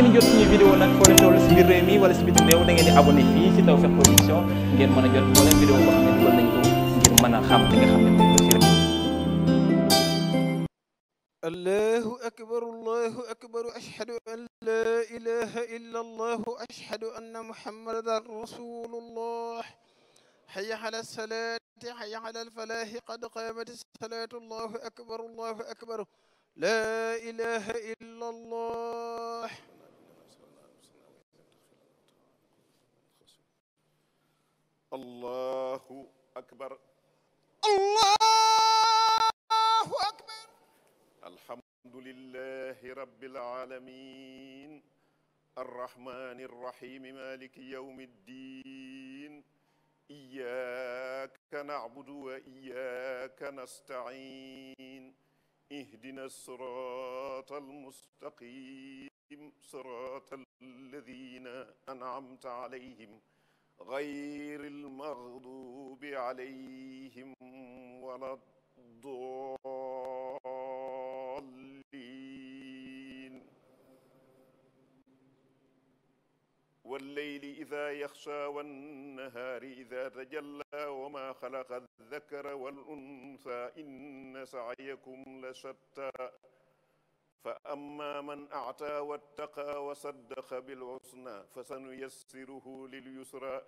ngeen jot suñu vidéo nag foo leen toll si biir réew mi wala si biti réew da ngeen di abonné fii si Tawfekh Production ngeen mën a jot moo leen vidéo boo xam ne dugal nañ ko ngir mën a xam li nga xam ne moom la rek. allahu akbar allahu akbar ashhadu an la ilaha illa allah ashhadu anna muhammadan rasulullah حي على الصلاة حي على الفلاح قد قامت الصلاة الله أكبر الله أكبر لا إله إلا الله allahu akbar allahu akbar alhamdulillahi rabbil alamin الرحمن الرحيم مالك يوم الدين إياك نعبد وإياك نستعين اهدنا الصراط المستقيم صراط الذين أنعمت عليهم غير المغضوب عليهم ولا الضالين والليل إذا يخشى والنهار إذا تجلى وما خلق الذكر والأنثى إن سعيكم لشتى fa amma man a'ta wattaqa wa saddaqa bil husna fa sanuyassiruhu lil yusra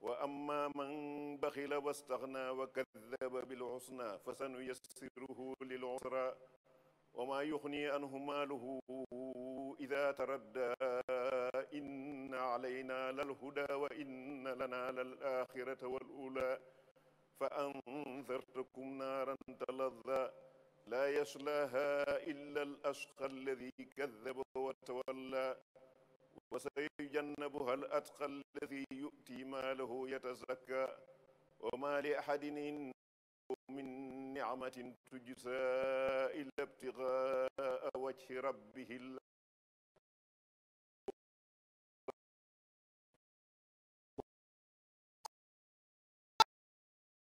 wa amma man baxila wastaxna wa kaddaba bil husna fa sanuyassiruhu lil usra wa ma yuxni anhu maaluhu ida taradda inna alayna lal huda wa inna lana lal axirata wal ula fa anzartukum naaran talazza laa yaslaaha illa al ashqa alladi kadaba wa tawalla wa sayujannabuha al atqa alladi yu'ti maalahu yatazakka wa maa li ahadin indahu min ni'matin tujzaa illa ibtigaa wajhi rabbihi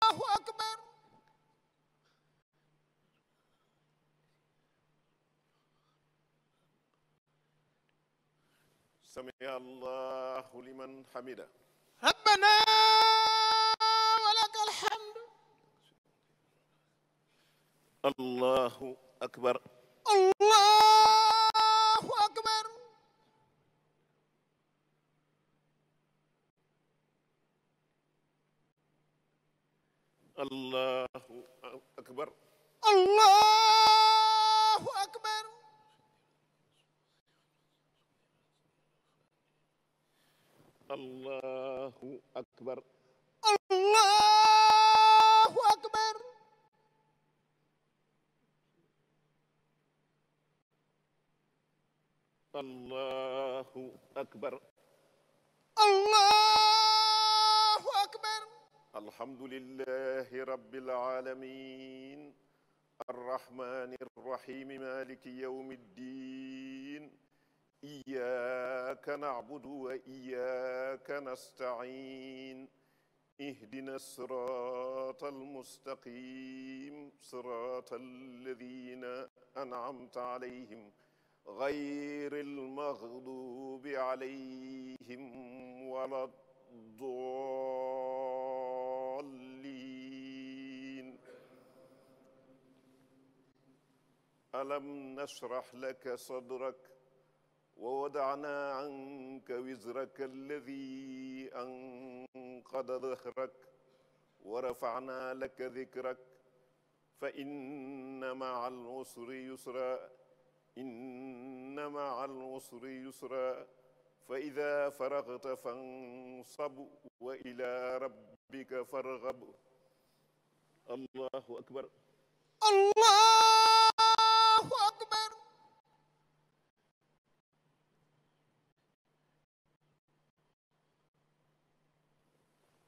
Allahu akbar sami allahu liman hamida rabbana wa laka alhamd allahu akbar allahu akbar allahu akbar allah allahu akbar allahu akbar allahu akbar allahu akbar alhamdulillahi rabbil alamin arrahmani arrahim maliki yawmi ddin إياك نعبد وإياك نستعين اهدنا الصراط المستقيم صراط الذين أنعمت عليهم غير المغضوب عليهم ولا الضالين ألم نشرح لك صدرك ووضعنا عنك وزرك الذي أنقض ظهرك ورفعنا لك ذكرك فإن مع العسر يسرا إن مع العسر يسرا فإذا فرغت فانصب وإلى ربك فارغب الله أكبر الله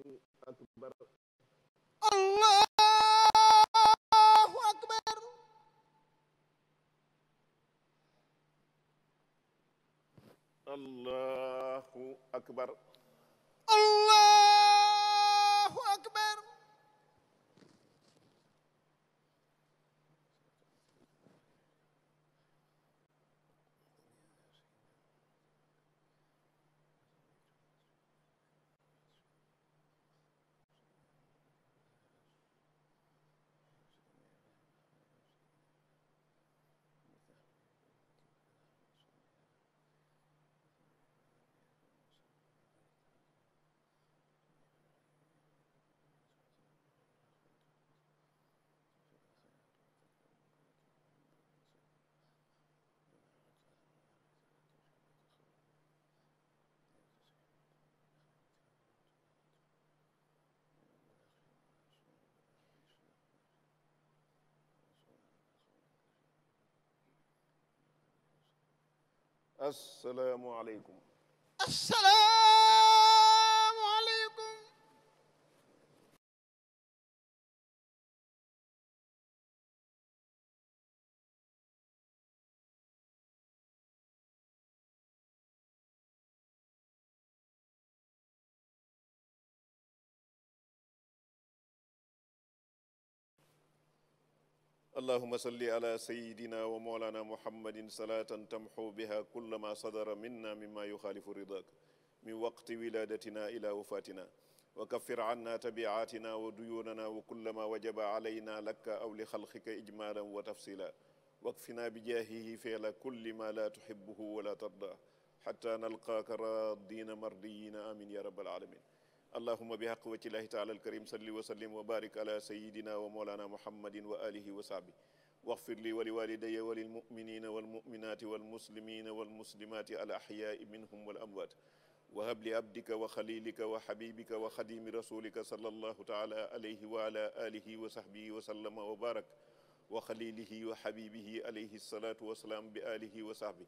Allahu akbar assalaamu aleykum. اللهم صل على سيدنا ومولانا محمد صلاة تمحو بها كل ما صدر منا مما يخالف رضاك من وقت ولادتنا إلى وفاتنا وكفر عنا تبعاتنا وديوننا وكل ما وجب علينا لك أو لخلقك إجمالا وتفصيلا واكفنا بجاهه فعل كل ما لا تحبه ولا ترضاه حتى نلقاك راضين مرضيين آمين يا رب العالمين allahuma bi haq wacilaahi taala alkarim salli wa sallim wa barik ala sayidina wa moolana muhammadin wa alihi wa sahbi waxfir li wa liwalidaya wa lilmuminina walmuminati walmuslimina walmuslimati al axyaai minhum wal amwaat wa habli abdika wa xalilika wa xabibika wa xadimi rasulika sallallahu taala alayhi wa ala alihi wa sahbihi wa sallama wa barak wa xalilihi wa xabibihi alayhi salaatu wa salaam bi alihi wa sahbi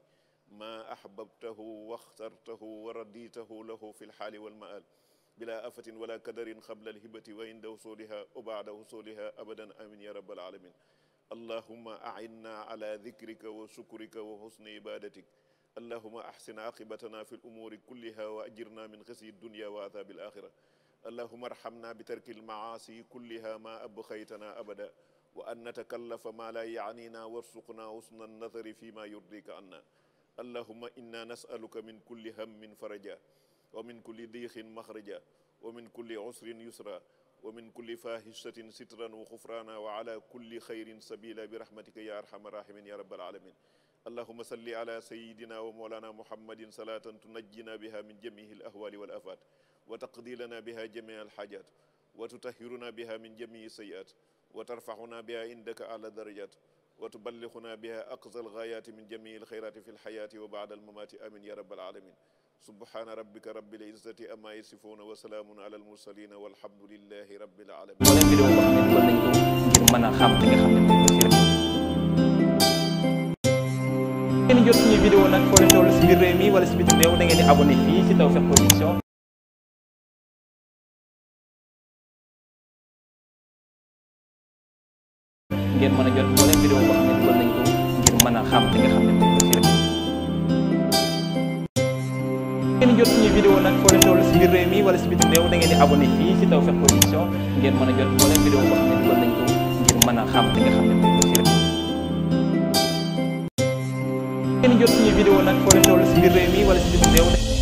maa ahbabtahu waxtartahu wa raditahu lahu fi lxaali walmaal bila afatin wala kadarin qabla alhibati wa inda wusuliha wa baada wusuliha abadan amin ya rabbal alamin allahuma ainna ala dikrika wa sukrika wa husni ibadatik allahuma ahsin aqibatana fi lumuri kulliha wa ajirna min xisyi dunia wa adhabi alaxira allahuma arhamna bi tarki almaasi kulliha ma abxaytana abada wa an natakallafa ma la yaanina warsuqna husna annadari fi ma yurdika anna allahuma inna nasaluka min kulli hammin faraja wa min kulli diixin maxraja wa min kulli usrin yusra wa min kulli fahishatin sitran wa xufraana wa ala kulli xayrin sabila bi rahmatika ya arhama rahimin ya rabbal alamin allahuma salli ala sayidina wa moolana muhammadin salatan tunajjina biha min jamihi alahwali wal afat wa taqdi lana biha jamii alxaajat wa tutahiruna biha min jamii sayiat wa tarfaxuna biha indaka ala darajat wa tuballighuna biha aqsa algaayati min jamii alxayrati fi lxayaati wa baada almamaati amin ya rabbal alamin subhaana rabbika rabbil izzati amma yasifuuna wa salaamun alal mursaliina walhamdulillahi rabbil aalamiin wala vidéo boo xam ne dugal nañ ko ngir mën a xam li nga xam ne moom ngeen jot suñu vidéo nag foo leen toll si biir réew mi wala si biti réew da ngeen di abonné fii si Tawfekh Production ngeen mën a jot ngeen jot suñu vidéo nag foo leen toll si biir réew mi wala si bitim réew da ngeen di abonné fii si Tawfekh Production ngeen mën a ko ngir mën a xam li nga xam ne moom ngeen jot suñu vidéo nag foo leen toll si biir réew mi wala si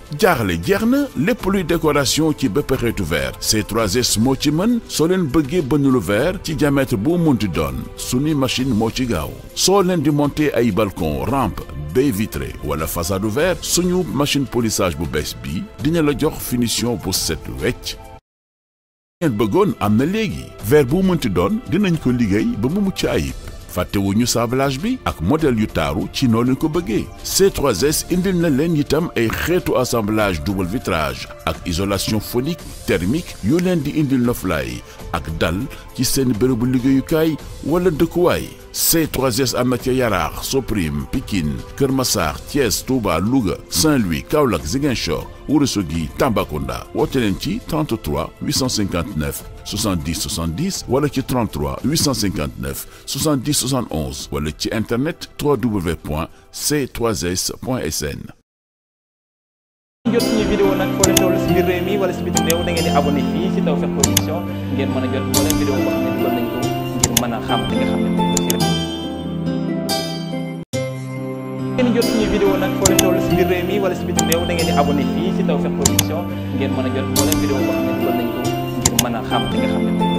jaaxle jeex na lépp luy décoration ci bépp xeetu verre C3S moo ci mën soo leen bëggee nu lu verre ci diamètre bu munti doon suñu machine moo ci gaaw soo leen di monter ay balcon rampe baie vitrée wala façade verre suñu machine polissage bu bees bi dina la jox finition pou set wecc ngeen bëggoon am na léegi verre bu munti doon dinañ ko liggéey ba mu mucc ayib fàttewuñu sablage bi ak modèle yu taaru ci noo leen ko bëggee c indil na leen itam ay xeetu assemblage double vitrage ak isolation phonique thermique yu leen di indil noflaay ak dal ci seen bërëbu liggéeyukaay wala dëkkuwaay C3S Amitié Yaraar Soprim Pikine Kër Massar Thiès Touba Louga Saint-Louis Kaolack Ziguinchor Ourossogui Tambacounda woote leen ci 33 859 70 70 wala ci 33 859 70 71 wala ci internet www.c3s.sn. jot ñu vidéo nag foo leen toll si biir réew mi wala si bitim réew ngeen jot suñu vidéo nag foo leen toll si biir réew mi wala si biti réew da ngeen di abonné a jot moo leen vidéo boo xam ne dugal nañ ko ngir mën a xam li nga xam